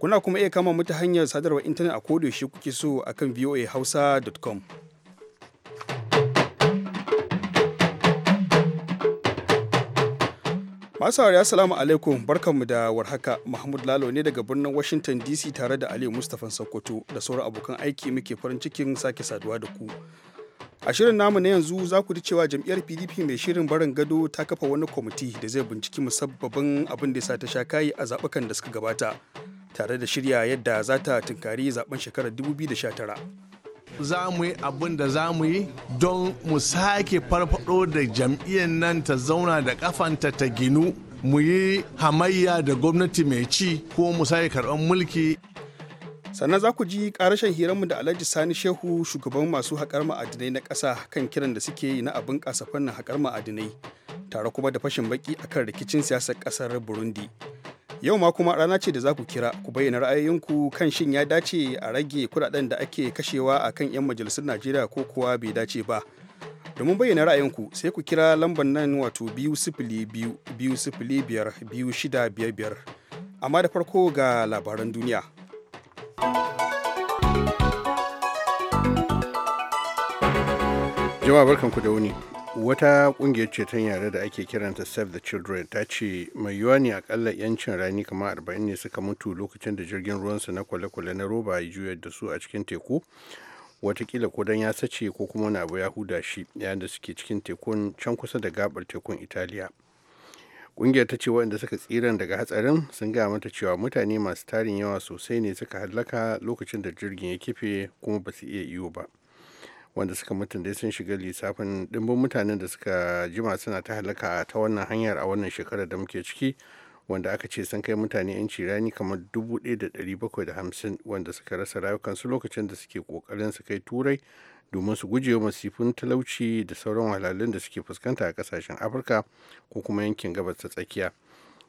Kuna kuma iya kama mata hanyar sadarwar intanet a kodayaushe kuke so a kan voahausa.com. Masu saurari assalamu alaikum barkanmu da warhaka Mahmud Lalo ne daga birnin Washington DC tare da Aliyu Mustapha Sokoto da sauran abokan aiki muke farin cikin sake saduwa da ku. A shirin namu na yanzu za ku ji cewa jam'iyyar PDP mai shirin barin gado ta kafa wani kwamiti da zai binciki musabbabin abin da ya sa ta sha kayi a zaɓukan da suka gabata. tare da shirya yadda za ta tunkari zaben shekarar 2019 za mu yi abin da za mu yi don mu sake farfado da jam'iyyar nan ta zauna da kafanta ta ginu mu yi hamayya da gwamnati mai ci ko mu sake karɓar mulki sannan za ku ji ƙarashin hiranmu da alhaji sani shehu shugaban masu haƙar ma'adinai na ƙasa kan kiran da suke yi na abin ƙasa fannin haƙar ma'adinai tare kuma da fashin baki akan rikicin siyasar ƙasar burundi Yau ma kuma rana ce da za ku kira ku bayyana ra'ayoyinku kan shin ya dace a rage kudaden da ake kashewa a kan 'yan majalisun Najeriya ko kuwa bai dace ba. Domin bayyana ra'ayinku sai ku kira lambar nan wato biyu sifili biyu biyu sifili biyar biyu shida biyar biyar. Amma da farko ga labaran duniya. Jama'a barkanku da wuni. wata kungiyar ceton yare da ake kiranta save the children ta ce mai yiwuwa ne akalla yancin rani kamar 40 ne suka mutu lokacin da jirgin ruwansa na kwale-kwale na roba ya juyar da su a cikin teku watakila ko don ya sace ko kuma wani abu ya huda shi yayin da suke cikin tekun can kusa da gabar tekun italiya kungiyar ta ce waɗanda suka tsiran daga hatsarin sun gaya mata cewa mutane masu tarin yawa sosai ne suka hallaka lokacin da jirgin ya kife kuma ba su iya iyo ba wanda suka mutum dai sun shiga lissafin dimbin mutanen da suka jima suna ta halaka ta wannan hanyar a wannan shekarar da muke ciki wanda aka ce sun kai mutane 'yanci rani kamar dubu ɗaya da da ɗari bakwai hamsin wanda suka rasa rayukansu lokacin da suke kokarin su kai turai domin su gujewa masifin talauci da sauran wahalhalun da suke fuskanta a kasashen afirka ko kuma yankin gabas ta tsakiya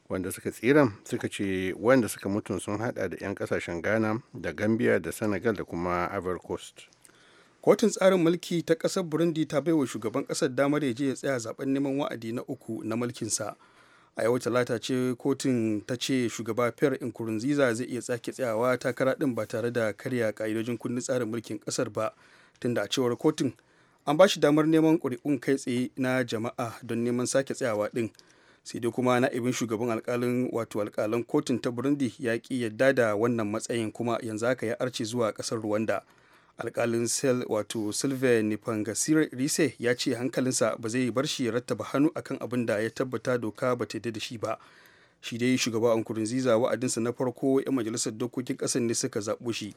wanda suka tsira suka ce wanda suka mutu sun hada da 'yan kasashen ghana da gambia da senegal da kuma ivory coast kotun tsarin mulki ta kasar burundi ta baiwa shugaban ƙasar damar ya je ya tsaya zaben neman wa'adi na uku na mulkinsa a yau talata ce kotun ta ce shugaba pierre nkurunziza zai iya tsake tsayawa takara ɗin ba tare da karya ka'idojin kundin tsarin mulkin ƙasar ba tunda a cewar kotun an ba shi damar neman ƙuri'un kai tsaye na jama'a don neman sake tsayawa din sai dai kuma na ibin shugaban alkalin wato alkalan kotun ta burundi ya ki yadda da wannan matsayin kuma yanzu haka ya arce zuwa ƙasar rwanda alkalin sel wato sylvain rise ya ce hankalinsa ba zai bar shi ya rattaba hannu akan abin da ya tabbata doka ba ta da shi ba shi dai shugaba nkurunziza wa'adinsa na farko 'yan majalisar dokokin ƙasar ne suka zaɓo shi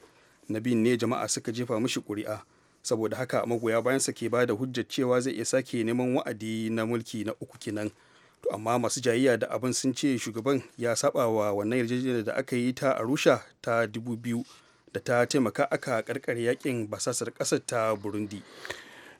na biyun ne jama'a suka jefa mishi ƙuri'a saboda haka magoya bayan sa ke ba da hujjar cewa zai iya sake neman wa'adi na mulki na uku kenan to amma masu jayayya da abin sun ce shugaban ya saba wa wannan yarjejeniyar da aka yi ta arusha ta dubu biyu da ta taimaka aka karkar yakin basasar kasar ta burundi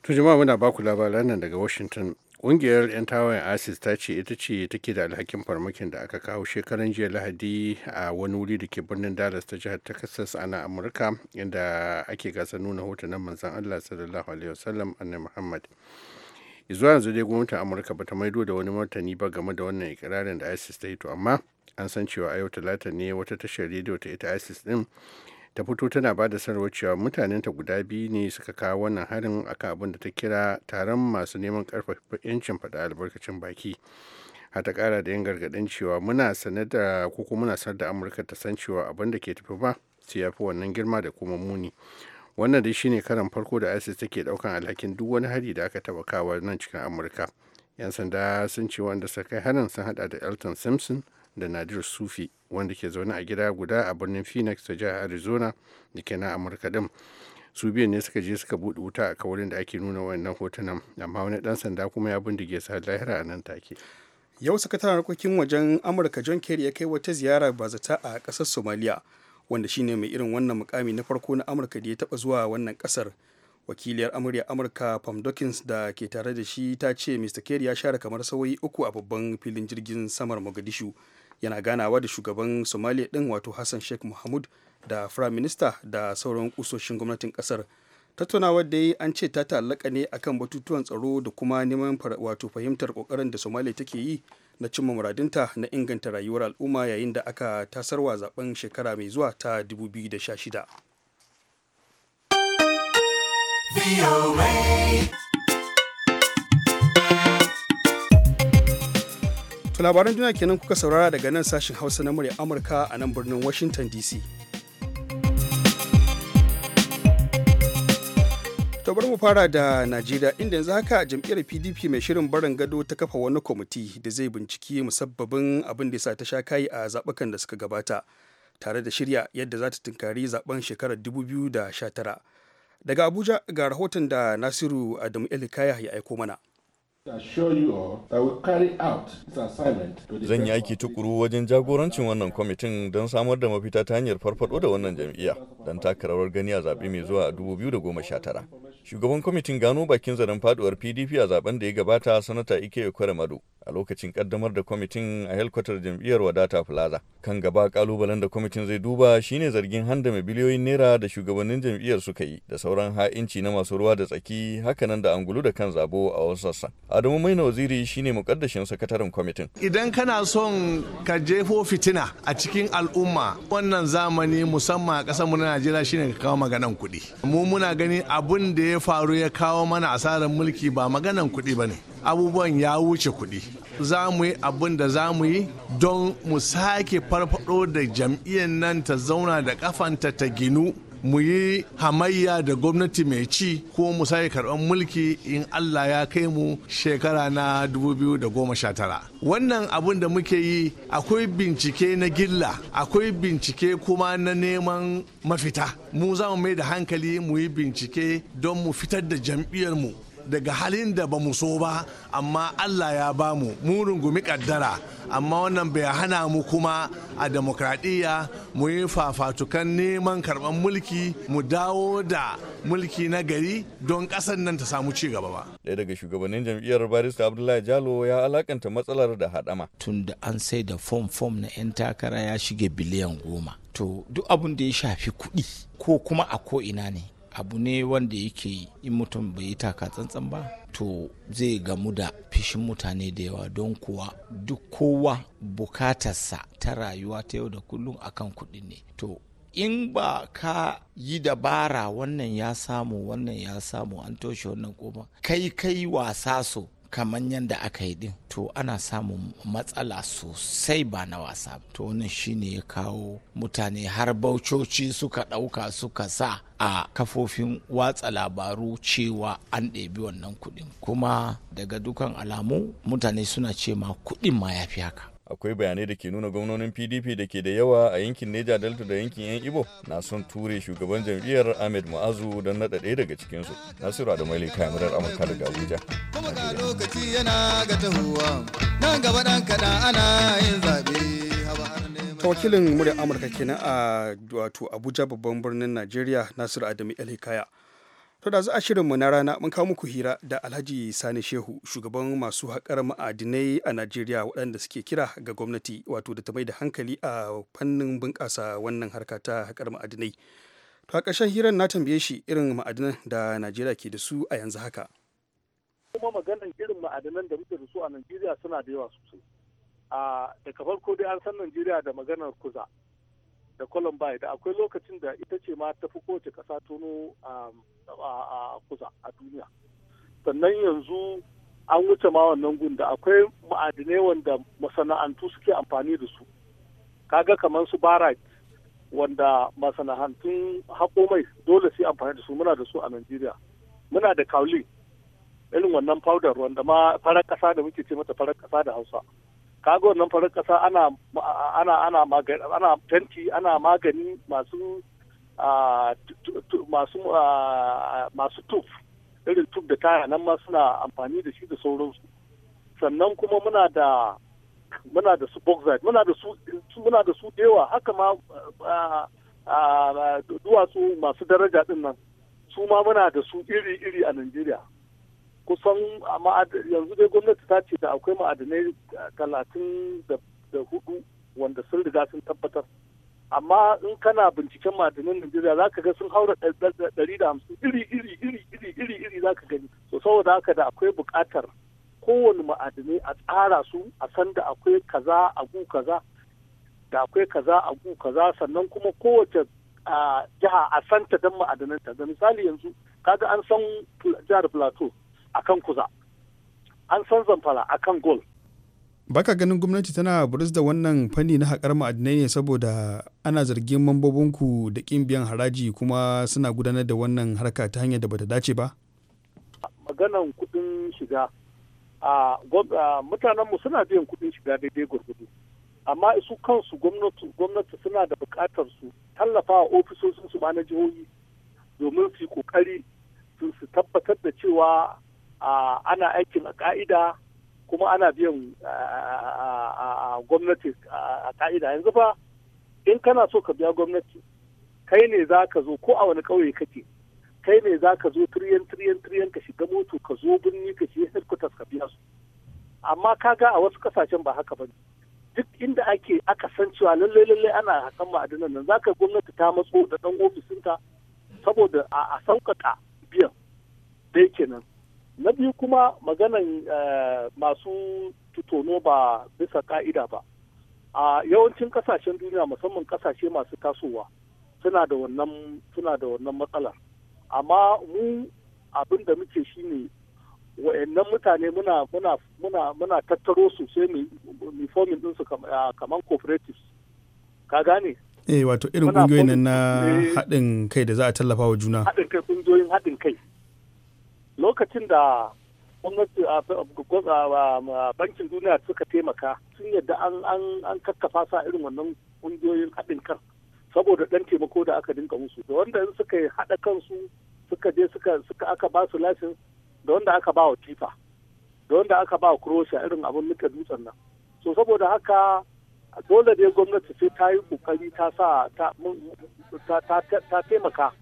to jama'a muna baku labaran nan daga washington ƙungiyar 'yan tawayen asis ta ce ita ce take da alhakin farmakin da aka kawo shekaran jiya lahadi a wani wuri da ke birnin dallas ta jihar texas ana amurka inda ake gasa nuna hotunan manzan allah sallallahu alaihi wasallam annabi muhammad zuwa yanzu dai gwamnatin amurka bata maido da wani martani ba game da wannan ikirarin da isis ta yi to amma an san cewa a yau talata ne wata tashar rediyo ta ita isis din ta fito tana ba da sanarwar cewa mutanen ta guda biyu ne suka kawo wannan harin akan abin da ta kira taron masu neman karfafa 'yancin faɗa albarkacin baki ta kara da yin gargaɗin cewa muna sanar da muna sanar da amurka ta san cewa abin da ke tafi ba su ya fi wannan girma da kuma muni wannan dai shine karan farko da isis take ɗaukan alhakin duk wani hari da aka taba kawo nan cikin amurka yan sanda sun ce wanda suka kai harin sun hada da elton simpson da nadir sufi wanda ke zaune a gida guda a birnin phoenix ta jihar arizona da ke na amurka din su biyan ne suka je suka buɗe wuta a kawarin da ake nuna wannan hotunan amma wani ɗan sanda kuma ya bindige su har lahira a nan take yau sakataren harkokin wajen amurka john kerry ya kai wata ziyara ba bazata a ƙasar somaliya wanda shine mai irin wannan mukami na farko na amurka da ya taɓa zuwa wannan ƙasar wakiliyar amurya amurka pam dawkins da ke tare da shi ta ce mr kerry ya share kamar sauyi uku a babban filin jirgin samar mogadishu yana ganawa da shugaban somaliya din wato hassan sheikh muhammad da prime minister da sauran kusoshin gwamnatin kasar tattaunawar da an ce ta ta'allaka ne akan batutuwan tsaro da kuma neman wato fahimtar kokarin da somaliya take yi na cimma muradinta na inganta rayuwar al'umma yayin da aka tasarwa zaben shekara mai zuwa ta 2016 To labaran duniya kenan kuka saurara daga nan sashin Hausa na murya Amurka a nan birnin Washington DC. To bari mu fara da Najeriya inda yanzu haka jam'iyyar PDP mai shirin barin gado ta kafa wani kwamiti da zai binciki musabbabin abin da sa ta sha kai a zabakan da suka gabata tare da shirya yadda za ta tunkari zaben shekarar 2019. Daga Abuja ga rahoton da Nasiru Adamu Elikaya ya aiko mana. Zan yi aiki tukuru wajen jagorancin wannan kwamitin don samar da mafita ta hanyar farfado da wannan jam'iyya don taka rawar gani a zaɓe mai zuwa a 2019. Shugaban kwamitin gano bakin zaren faduwar PDP a zaben da ya gabata sanata Ike Mado a lokacin kaddamar da kwamitin a helkwatar jam'iyyar Wadata Plaza. Kan gaba kalubalen da kwamitin zai duba shine zargin handa mai biliyoyin naira da shugabannin jam'iyyar suka yi da sauran ha'inci na masu ruwa da tsaki hakanan da angulu da kan zabo a wasu sassa. Adamu na Waziri shine mukaddashin sakataren kwamitin. Idan kana son ka jefo fitina a cikin al'umma wannan zamani musamman a ƙasar mu na Najeriya shine ka kawo maganan kuɗi. Mu muna gani abun da ya faru ya kawo mana asarar mulki ba maganan kuɗi ba ne. Abubuwan ya wuce kuɗi. Za mu yi abin da za mu yi don mu sake farfado da jam'iyyar nan ta zauna da kafanta ta ginu mu yi hamayya da gwamnati mai ci ko mu sake karɓar mulki in Allah ya kai mu shekara na 2019 wannan abun da muke yi akwai bincike na gilla akwai bincike kuma na neman mafita mu za mu mai da hankali mu yi bincike don mu fitar da jam'iyyar mu daga halin da ba mu so ba amma allah ya ba mu mu rungumi kaddara amma wannan bai hana mu kuma a demokradiyya mu yi fafatukan neman karɓar mulki mu dawo da mulki na gari don ƙasar nan ta samu ci gaba ba ɗaya daga shugabannin jam'iyyar barista abdullahi jalo ya alakanta matsalar da hadama. tun da an sai da fom fom na 'yan takara ya shige biliyan goma to duk abin da ya shafi kuɗi ko kuma a ko ina ne abu ne wanda yake yi in mutum bai yi taka tsantsan ba to zai gamu da fishin mutane da yawa don kuwa duk kowa bukatarsa ta rayuwa ta yau da kullum akan kuɗi ne to in ba ka yi dabara wannan ya samu wannan ya samu an toshe wannan koma kai kai wasa so kamar yadda aka yi din to ana samun matsala sosai ba na wasa to wannan shine ya kawo mutane har baucoci suka ɗauka suka sa a kafofin watsa labaru cewa an ɗebi wannan kuɗin kuma daga dukan alamu mutane suna ce kuɗin ma ya fi haka akwai bayanai da ke nuna gwamnonin pdp da ke da yawa a yankin neja delta da yankin yan ibo na son ture shugaban jam'iyyar ahmed mu'azu don naɗa ɗaya daga cikinsu nasiru da maili kamarar amurka daga abuja Tawakilin murya wakilin muryar amurka kenan a wato abuja babban birnin najeriya nasiru adamu kaya To da za a shirinmu na rana mun kawo muku hira da Alhaji Sani Shehu shugaban masu haƙar ma'adinai a Najeriya waɗanda suke kira ga gwamnati wato da ta mai da hankali a fannin bunƙasa wannan harka ta haƙar ma'adinai. To a ƙarshen hirar na tambaye shi irin ma'adinan da Najeriya ke da su a yanzu haka. Kuma maganar irin ma'adinan da muke da su a Najeriya suna da yawa sosai. Ah, daga farko dai an san Najeriya da maganar kuza. da columbine da akwai lokacin da ita ce ma ta fi kowace kasa tono um, a kusa a duniya sannan yanzu an wuce ma wannan gun da akwai ma'adinai wanda masana'antu suke amfani da su kaga kamar su barat wanda masana'antun haƙo mai dole sai amfani da su muna da su a najeriya muna da kaulin irin wannan powder wanda ma farar ƙasa da muke ce mata farar ƙasa da hausa kago nan farin kasa ana ana ana magani ana fenti ana magani masu masu masu tuf irin tuf da taya nan ma suna amfani da shi da sauransu sannan kuma muna da muna da su bauxite muna da su muna da su dewa haka ma duwatsu masu daraja din nan su ma muna da su iri-iri a Najeriya kusan yanzu dai gwamnati ta ce da akwai ma'adanai talatin da hudu wanda sun riga sun tabbatar amma in kana binciken ma'adanan najeriya za ka ga sun haura ɗari da hamsin iri iri iri iri iri iri za ka gani so saboda haka da akwai bukatar kowane ma'adanai a tsara su a san da akwai kaza a gu kaza da akwai kaza a gu kaza sannan kuma kowace jiha a san ta don ta, da misali yanzu kaga an san jihar plateau akan kuza an san zamfara a kan gol baka ganin gwamnati tana buris da wannan fanni na haƙar ma'adinai ne saboda ana zargin mambobinku da ƙin biyan haraji kuma suna gudanar da wannan harka ta hanyar da bata dace ba maganan kuɗin shiga a mutanenmu suna biyan kuɗin shiga daidai gwargwado amma su kansu gwamnati suna da buƙatar su tallafa wa ofisoshin su na jihohi domin su yi ƙoƙari su tabbatar da cewa ana aikin a ka'ida kuma ana biyan gwamnati a ka'ida yanzu fa in kana so ka biya gwamnati kai ne za ka zo ko a wani ƙauye kake kai ne za ka zo tiriyan tiriyan tiriyan ka shiga moto ka zo birni ka shiga headquarters ka biya su amma kaga a wasu kasashen ba haka bane duk inda ake aka san cewa lallai lallai ana hakan ma'adinan nan zaka gwamnati ta matso da dan ofisinta saboda a sauƙaƙa biyan dai kenan na biyu kuma maganan eh, masu tutono ba bisa ka'ida ba a yawancin kasashen duniya musamman kasashe masu tasowa suna da wannan suna da matsalar amma mu abin da muke shine wa'annan mutane muna tattaro su sai mu formin din su ah, kaman cooperatives ka gane eh wato irin kungiyoyin na haɗin kai da za a tallafa wa juna haɗin kai kungiyoyin haɗin kai lokacin da gwamnati bankin duniya suka taimaka sun yadda an kakkafa sa irin wannan kungiyoyin haɗin kan saboda ɗan taimako da aka dinka musu da wanda in suka haɗa kansu suka je suka aka ba su lasin da wanda aka ba wa tifa da wanda aka ba wa kurosha irin abin nika dutsen nan so saboda haka dole ne gwamnati sai ta yi kokari ta sa ta taimaka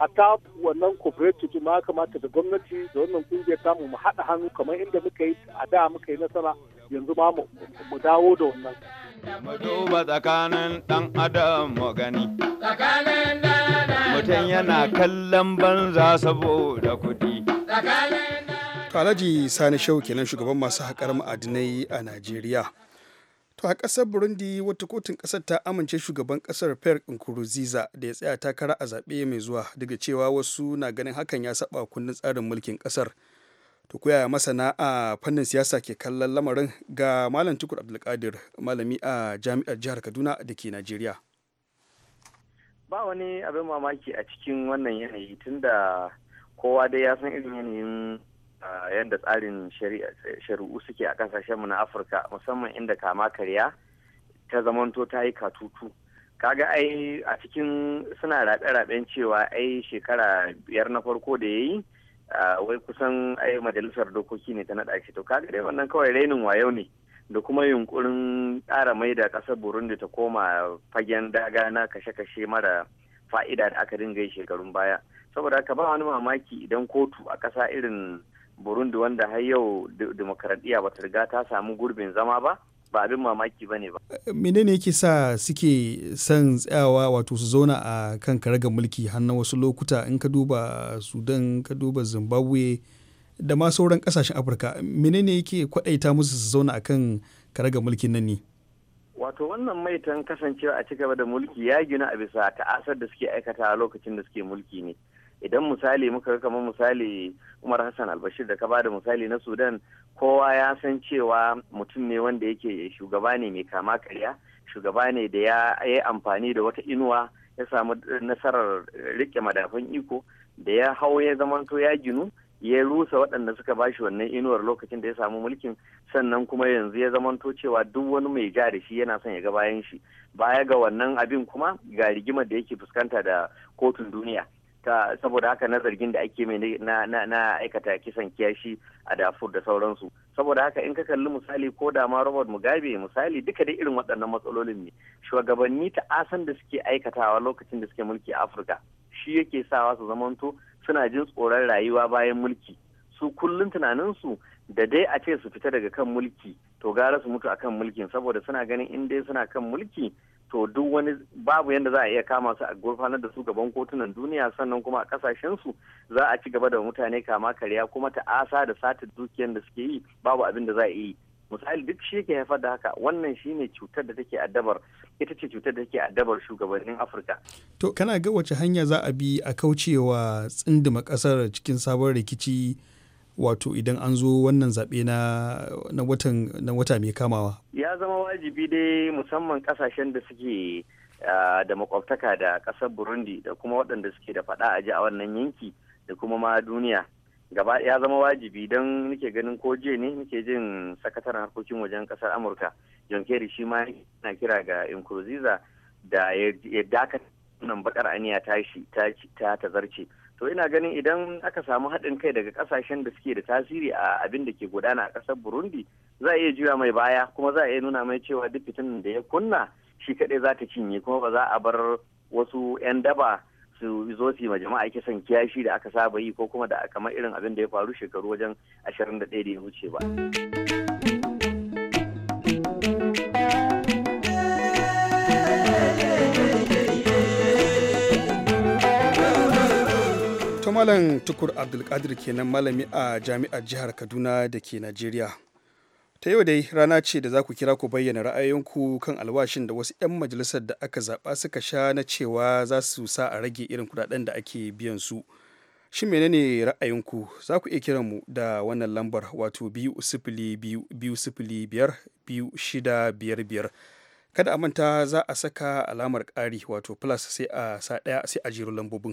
hatta wannan cooperative ma kamata da gwamnati da wannan kungiyar tamu mu haɗa hannu kamar inda muka yi a da muka yi nasara yanzu ma mu dawo da wannan. Mu duba tsakanin ɗan adam mu gani. Mutum yana kallon banza saboda kuɗi. Alhaji Sani Shau nan shugaban masu haƙar ma'adinai a Najeriya. To a ƙasar Burundi wata kotun ƙasar ta amince shugaban ƙasar Pierre Nkurunziza da ya tsaya takara a zaɓe mai zuwa daga cewa wasu na ganin hakan ya saba kundin tsarin mulkin ƙasar. To koya masana a fannin siyasa ke kallon lamarin ga Malam Tukur Abdulkadir malami a jami'ar jihar Kaduna da ke Najeriya. Ba wani abin mamaki a cikin wannan yanayi tunda kowa dai ya san irin yanayin yadda tsarin shari'u suke a mu na afirka musamman inda kama karya ta zamanto ta yi katutu kaga ai a cikin suna rabe raben cewa ai shekara biyar na farko da ya yi wai kusan ai majalisar dokoki ne ta naɗa shi to kaga dai wannan kawai rainin wayo ne da kuma yunkurin ƙara mai da ƙasar burundi ta koma fagen daga na kashe-kashe mara fa'ida da aka dinga yi shekarun baya saboda haka ba wani mamaki idan kotu a ƙasa irin burundi wanda har yau demokaradiyya ba ta riga ta samu gurbin zama ba ba abin mamaki ba ne ba menene yake sa suke son tsayawa wato su zauna a kan karaga mulki hannun wasu lokuta in ka duba sudan ka duba zimbabwe da ma sauran kasashen afirka menene yake kwadaita musu su zauna a kan karaga mulkin nan ne wato wannan maitan kasancewa a cigaba da mulki ya gina a bisa ta'asar da suke aikata a lokacin da suke mulki ne idan misali muka kamar misali umar hassan albashir da ka bada misali na sudan kowa ya san cewa mutum ne wanda yake shugaba ne mai kama karya shugaba ne da ya yi amfani da wata inuwa ya samu nasarar rike madafan iko da ya hau ya zamanto ya ginu ya rusa waɗanda suka ba shi wannan inuwar lokacin da ya samu mulkin sannan kuma yanzu ya zamanto cewa duk wani mai ja da shi yana son ya ga bayan shi baya ga wannan abin kuma ga rigimar da yake fuskanta da kotun duniya ta saboda haka na zargin da ake mai na na aikata kisan kiyashi a dafur da sauransu saboda haka in ka kalli misali ko da ma Robert Mugabe misali duka dai irin waɗannan matsalolin ne shugabanni asan da suke aikatawa lokacin da suke mulki Afirka shi yake sawa su zamanto suna jin tsoron rayuwa bayan mulki su kullum tunaninsu da dai a ce su fita daga kan mulki to gara su mutu akan mulkin saboda suna ganin in dai suna kan mulki to duk wani babu yadda za a iya kama su a gurfanar da su gaban kotunan duniya sannan kuma a kasashen za a ci gaba da mutane kama karya kuma ta'asa da sata dukiyar da suke yi babu abin da za a yi misali duk shi ke haifar da haka wannan shi ne cutar da take addabar ita ce cutar da take addabar shugabannin afirka to kana ga wace hanya za a bi a kaucewa tsindima kasar cikin sabon rikici wato idan an zo wannan zaɓe na watan na wata mai kamawa ya zama wajibi dai musamman kasashen da suke da makwabtaka da ƙasar burundi da kuma waɗanda suke da faɗa a ji a wannan yanki da kuma ma duniya gaba ya zama wajibi don nake ganin ko jiya ne nake jin sakataren harkokin wajen ƙasar amurka john kerry shi ma yana kira ga inkluziza da ya dakata nan bakar aniya ta ta tazarce to ina ganin idan aka samu haɗin kai daga ƙasashen da suke da tasiri a abin da ke gudana a ƙasar burundi za a iya juya mai baya kuma za a iya nuna mai cewa duk fitinin da ya kunna shi kaɗai za ta cinye kuma ba za a bar wasu 'yan daba su zo su ma jama'a kisan kiyashi da aka saba yi ko kuma da kamar irin abin da ya faru shekaru wajen ashirin da ɗaya da ya wuce ba. malam tukur abdulkadir kenan malami a jami'ar jihar kaduna da ke najeriya ta yau dai rana ce da za ku kira ku bayyana ra'ayoyinku kan alwashin da wasu 'yan majalisar da aka zaɓa suka sha na cewa za su sa a rage irin kudaden da ake biyan su shin menene ra'ayinku za ku iya kiran mu da wannan lambar wato biyu sifili biyu biyu sifili biyar biyu shida biyar biyar kada a manta za a saka alamar ƙari wato plus sai a sa ɗaya sai a jiro lambobin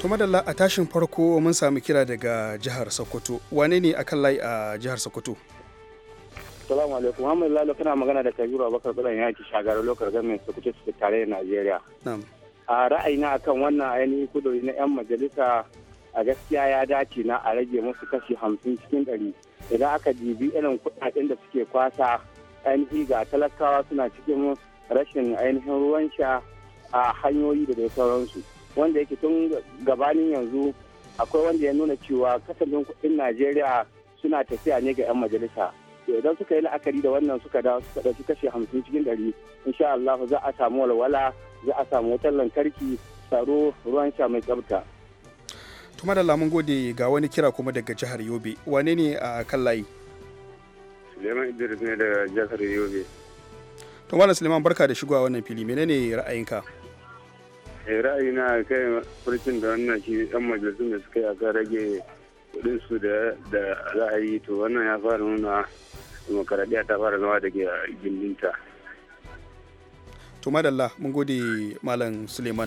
to madalla a tashin farko mun samu kira daga jihar sokoto wane ne akan layi a jihar sokoto Salamu alaikum, Muhammadu Lalo kana magana da Kabiru Abubakar Bulan yaki shagarar lokar su Sokoto su tare da Najeriya. A ra'ayina akan wannan ainihin kudori na 'yan majalisa a gaskiya ya dace na a rage musu kashi hamsin cikin ɗari idan aka dibi irin kuɗaɗen da suke kwasa ainihi ga talakawa suna cikin rashin ainihin ruwan sha a hanyoyi da dai sauransu. wanda yake tun gabanin yanzu akwai wanda ya nuna cewa kasafin kuɗin najeriya suna tafiya ne ga 'yan majalisa idan suka yi la'akari da wannan suka da suka ɗauki kashe hamsin cikin ɗari insha allahu za a samu walwala za a samu wutar lantarki tsaro ruwan sha mai tsafta. tuma da lamun gode ga wani kira kuma daga jihar yobe wane ne a kan layi suleiman idris ne daga jihar yobe to malam suleiman barka da shigowa wannan fili menene ra'ayinka Eh, ra'ayina a kai farcin da wannan shi yan majalisun da suka yi aka rage kudin su da za a yi to wannan ya fara nuna demokaradiyya ta fara zama da gindinta to madalla mun gode malam suleiman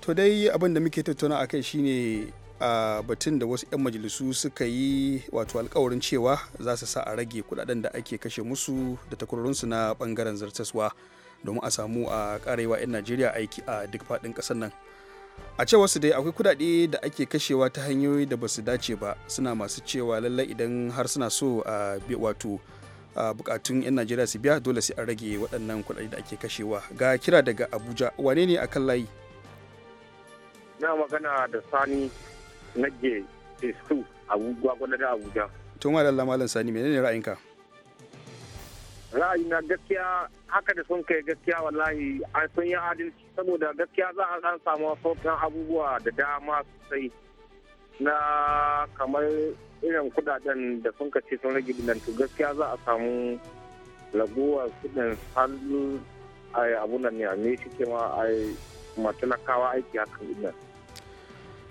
to dai abin da muke tattauna a kai shine a batun da wasu 'yan majalisu suka yi wato alkawarin cewa za su sa a rage kudaden da ake kashe musu da takwarorinsu na bangaren zartaswa. domin a samu a karewa 'yan najeriya aiki a duk faɗin ƙasar nan a cewar su dai akwai kudade da ake kashewa ta hanyoyi da basu dace ba suna masu cewa lallai idan har suna so a wato bukatun 'yan najeriya su biya dole sai an rage waɗannan kudade da ake kashewa ga kira daga abuja wane ne a kan layi na magana da sani nage su a gwagwalar abuja tun malam sani menene ra'ayinka na gaskiya haka da sun kai gaskiya wallahi an sun yi adalci saboda gaskiya za a an samu sauƙin abubuwa da dama sosai na kamar irin kudaden da sun kace sun rage to gaskiya za a samu laguwa kudin hannu a abunan ne a me shi ke ma a matalakawa aiki haka idan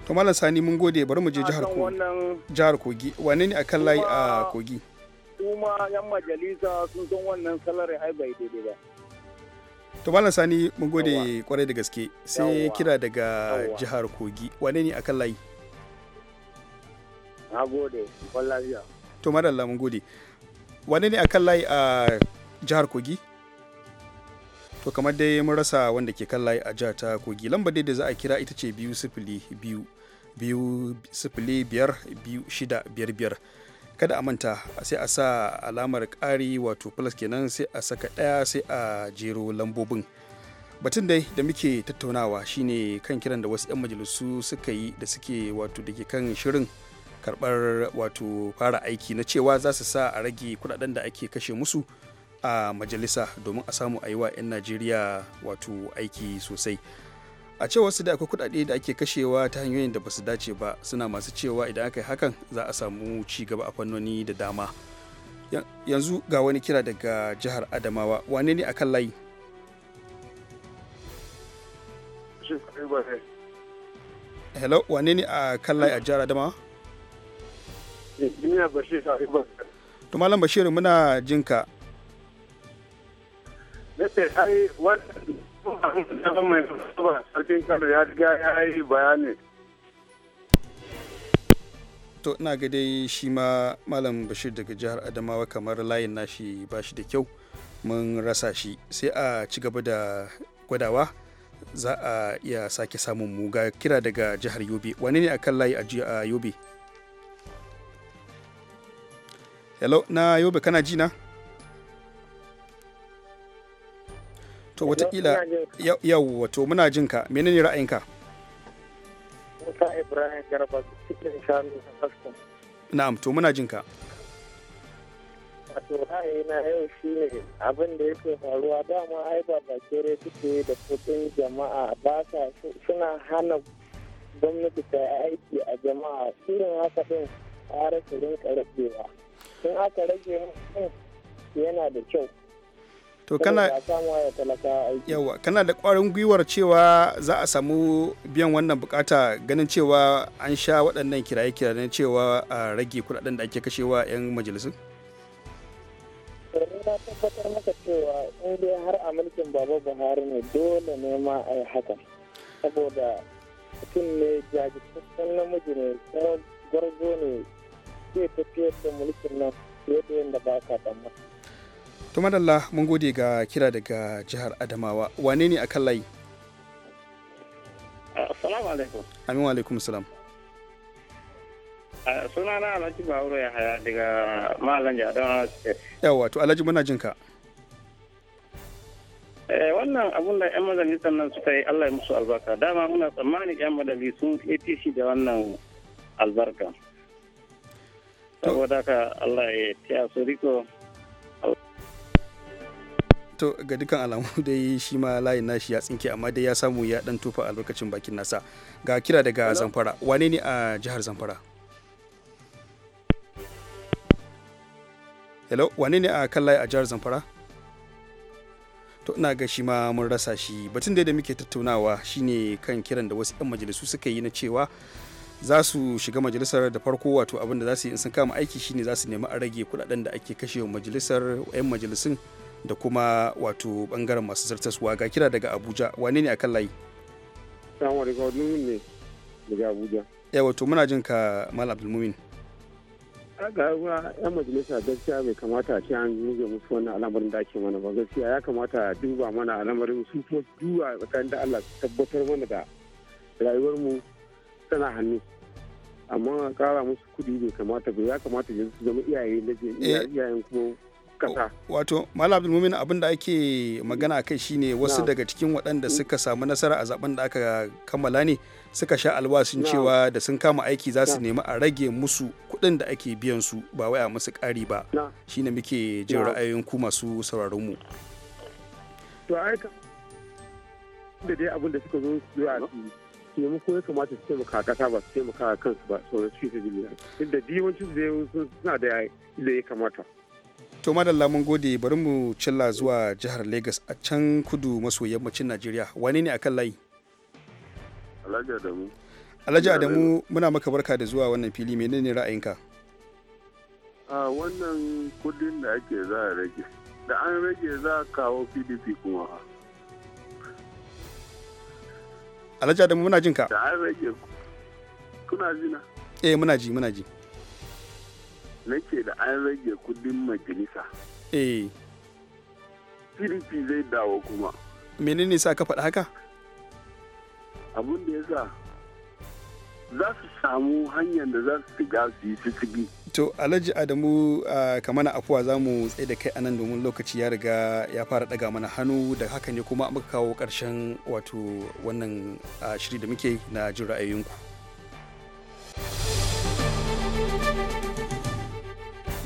to sani mun gode bari mu je jihar kogi wane ne akan layi a kogi kuma yan majalisa sun san wannan salari ai bai daidai ba to malam sani mun gode kwarai da gaske sai kira daga jihar kogi wane ne akan layi na gode kwan lafiya to madalla mun gode wane ne akan layi a jihar kogi to kamar dai mun rasa wanda ke kan layi a jihar ta kogi lamba dai da za a kira ita ce biyu sifili biyu biyu sifili biyar biyu shida biyar biyar kada a manta sai a sa alamar ƙari wato plus kenan sai a saka ɗaya sai a jero lambobin batun dai da muke tattaunawa shine kan kiran da wasu 'yan majalisu suka yi da suke wato da ke kan shirin karɓar wato fara aiki na cewa za su sa a rage kudaden da ake kashe musu a majalisa domin a samu a yi wa 'yan najeriya wato aiki sosai a cewa su da akwai kudade da ake kashewa ta hanyoyin da basu dace ba suna masu cewa idan aka yi hakan za a samu ci gaba a fannoni da dama yanzu ga wani kira daga jihar adamawa wane ne akan layi hello wane ne a kan layi a jihar adamawa to malam bashiru muna jinka to ina ga dai shi ma malam bashir daga jihar adamawa kamar layin nashi ba shi da kyau mun rasa shi sai a ci gaba da gwadawa za a iya sake samun mu kira daga jihar yobe wane ne akan layi a yobe hello na yobe kana ji na to watakila yau wato muna jin ka menene ra'ayinka Ibrahim Garba cikin shanu na'am to muna jin ka wato na yau ne abin da yake faruwa dama ai ba bakere suke da kudin jama'a ba sa suna hana gwamnati ta aiki a jama'a irin haka din a rasa rinka rabewa in aka rage yana da kyau to kana yawa kana da kwarin gwiwar cewa za a samu biyan wannan bukata ganin cewa an sha waɗannan kiraye-kirayen cewa a rage kudaden da ake kashewa 'yan majalisun? na tabbatar maka cewa in dai har a mulkin baba buhari ne dole ne ma a yi hakan saboda mutum ne jajirtaccen namiji ne gwarzo ne zai tafiyar da mulkin nan fiye da yadda ba ka tsammani to madalla mun gode ga kira daga jihar adamawa wane ne a kan layi ah, assalamu alaikum amin wa alaikum salam ah, suna na alhaji bahuru ya haya daga malam jadon yawa to alhaji muna jinka eh, wannan abun da 'yan majalisar nan suka yi allah ya musu albarka dama muna tsammanin 'yan sun apc da wannan albarka saboda ka allah ya taya su riko to ga dukkan alamu dai shi ma layin nashi ya tsinke amma dai ya samu ya dan a albarkacin bakin nasa ga kira daga zamfara wane ne a jihar zamfara hello wane ne a kan layi a jihar zamfara to ina ga shi ma mun rasa shi batun dai da muke tattaunawa shine kan kiran da wasu 'yan majalisu suka yi na cewa za su shiga majalisar da farko wato abin da za su yi in sun kama aiki shine za su nemi a rage kudaden da ake wa majalisar 'yan majalisun da kuma wato bangaren masu zartaswa ga kira daga abuja wane ne akan layi ne daga abuja muna jin ka mal abdulmumin ga ruwa yan majalisa gaskiya bai kamata ce an rige musu wannan al'amarin da ake mana ba gaskiya ya kamata duba mana al'amarin su ko duba tsakanin da allah su tabbatar mana da rayuwar mu tana hannu amma kara musu kudi bai kamata ba ya kamata su zama iyaye na eh. iyayen kuma kasa wato malam mumin abin da ake magana kai shine wasu daga cikin waɗanda suka samu nasara a zaben da aka kammala ne suka sha alwasin cewa da sun kama aiki za su nemi a rage musu kuɗin da ake biyan su ba wai a musu ƙari ba shine muke jin ra'ayoyin ku masu sauraron mu to aika da dai abin da suka zo zuwa ko ya kamata su taimaka kasa ba su taimaka kansu ba sauran su fi su duk da yawancin su suna da ya kamata to madalla mun gode bari mu cilla zuwa jihar lagos a can kudu maso yammacin najeriya wani ne akan layi alhaji adamu alhaji adamu muna maka barka da zuwa wannan fili menene ra'ayinka a wannan kudin da ake za a rage da an rage za a kawo pdp kuma alhaji adamu muna jinka da an rage kuna jina eh muna ji muna ji nake da an rage kudin majalisa eh pdp zai dawo kuma menene sa ka faɗa haka abin da ya sa za su samu hanyar da za su shiga su yi cicigi. To Alhaji Adamu uh, kamana afuwa za mu tsaye da kai a nan domin lokaci ya riga ya fara daga mana hannu da haka ne kuma muka kawo karshen wato wannan uh, shiri da muke na jin ra'ayoyinku.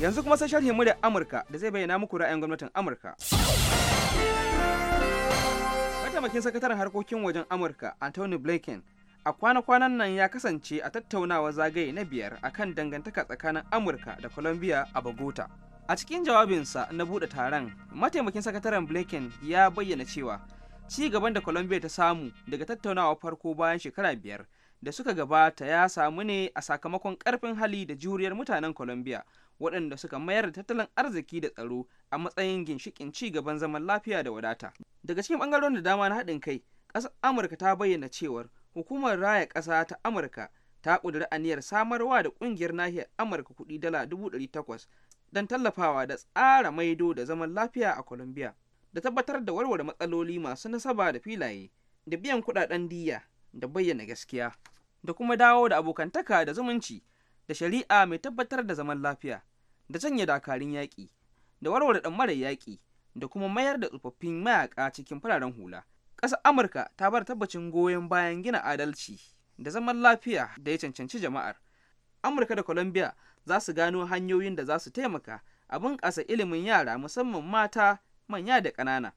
Yanzu kuma sai mu da Amurka da zai bayyana muku ra'ayin gwamnatin Amurka. Mataimakin sakataren harkokin wajen Amurka Anthony Blinken a kwana-kwanan nan ya kasance a tattaunawa zagaye na biyar akan dangantaka tsakanin Amurka da Colombia a Bogota. A cikin jawabinsa na buɗe taron, mataimakin sakataren Blinken ya bayyana cewa ci gaban da Colombia ta samu daga tattaunawa farko bayan shekara biyar da suka gabata ya samu ne a sakamakon karfin hali da juriyar mutanen Colombia waɗanda suka mayar da tattalin arziki da tsaro a matsayin ginshikin ci gaban zaman lafiya da wadata daga cikin ɓangarorin da dama na haɗin kai ƙasar amurka ta bayyana cewar hukumar raya ƙasa ta amurka ta ƙudiri aniyar samarwa da ƙungiyar nahiyar amurka kuɗi dala dubu ɗari takwas don tallafawa da tsara maido da zaman lafiya a colombia da tabbatar da warware matsaloli masu nasaba da filaye da biyan kuɗaɗen diya da bayyana gaskiya da kuma dawo da abokantaka da zumunci da shari'a mai tabbatar da zaman lafiya da janye dakarun yaƙi da warware ɗan mara yaƙi da kuma mayar da tsofaffin mayaƙa cikin fararen hula Ƙasa amurka ta bar tabbacin goyon bayan gina adalci da zaman lafiya da ya cancanci jama'ar amurka da colombia za su gano hanyoyin da za su taimaka a bunƙasa ilimin yara musamman mata manya da ƙanana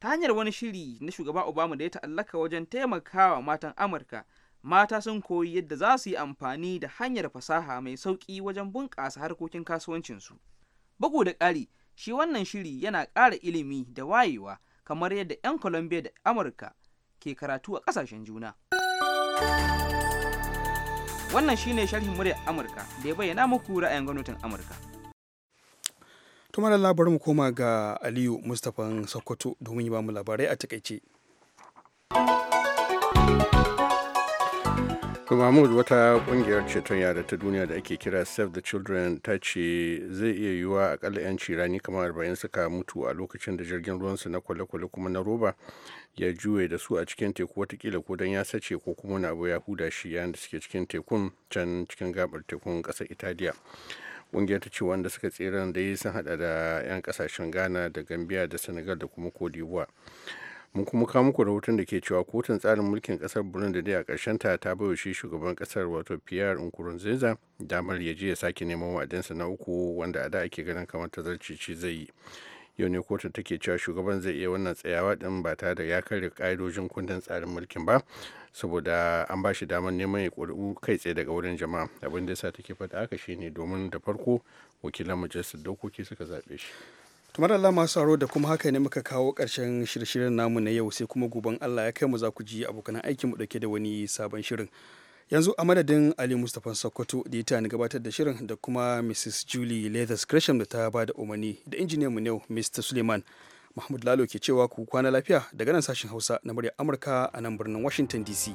ta hanyar wani shiri na shugaba obama da ya ta'allaka wajen taimakawa matan amurka mata sun koyi yadda za su yi amfani da hanyar fasaha mai sauƙi wajen bunƙasa harkokin kasuwancinsu. Bugu da ƙari, shi wannan shiri yana ƙara ilimi da wayewa kamar yadda 'yan Colombia da Amurka ke karatu a ƙasashen juna. Wannan shi ne sharhin muryar Amurka da ya bayyana muku ra'ayin gwamnatin Amurka. Tumar labarin mu koma ga Aliyu Mustapha Sokoto domin yi ba mu labarai a takaice. to mahmud wata kungiyar ceton yara ta duniya da ake kira save the children ta ce zai iya yiwuwa akalla 'yan cirani kamar 40 suka mutu a lokacin da jirgin ruwansu na kwale-kwale kuma na roba ya juye da su a cikin teku watakila ko don ya sace ko kuma na abu ya huda shi yayin da suke cikin tekun can cikin gabar tekun kasar italiya kungiyar ta ce wanda suka tseren da sun hada da 'yan kasashen ghana da gambia da senegal da kuma cote mun kuma kawo muku rahoton da ke cewa kotun tsarin mulkin kasar burundi dai a ƙarshen ta ta bayo shi shugaban kasar wato pierre nkurunziza damar ya je ya sake neman wa'adinsa na uku wanda a da ake ganin kamar ta ci zai yi yau ne kotun take cewa shugaban zai iya wannan tsayawa din ba tare da ya karya ƙa'idojin kundin tsarin mulkin ba saboda an ba shi damar neman ya ƙuri'u kai tsaye daga wurin jama'a abin da ya sa take faɗa haka ne domin da farko wakilan majalisar dokoki suka zaɓe shi tumar Allah masu haro da kuma haka ne muka kawo ƙarshen shirye-shiryen namu na yau sai kuma guban Allah ya kai mu za ku ji abokan aikin mu dauke da wani sabon shirin yanzu a madadin Ali Mustapha Sokoto da ya ni gabatar da shirin da kuma Mrs Julie Leathers Gresham da ta ba da umarni da injiniyan mu yau Mr Suleiman Mahmud Lalo ke cewa ku kwana lafiya daga nan sashin Hausa na muryar Amurka a nan birnin Washington DC